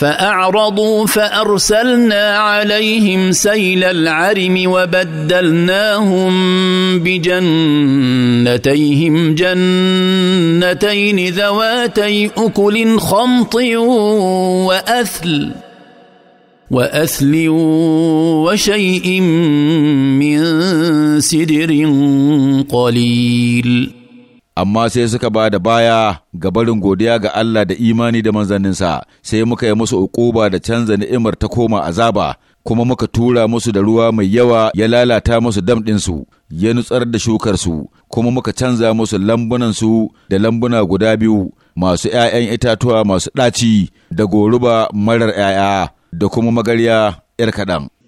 فأعرضوا فأرسلنا عليهم سيل العرم وبدلناهم بجنتيهم جنتين ذواتي أكل خمط وأثل وأثل وشيء من سدر قليل amma sai suka ba da baya ga barin godiya ga Allah da imani da manzanninsa sai muka yi musu uquba da canza ni'imar ta koma azaba kuma muka tura musu da ruwa mai yawa ya lalata musu damɗinsu ya nutsar da shukarsu kuma muka canza musu lambunansu da lambuna guda biyu masu ‘ya'yan itatuwa masu ɗaci da goruba marar ‘ya'ya da kuma magarya ‘yar kaɗan.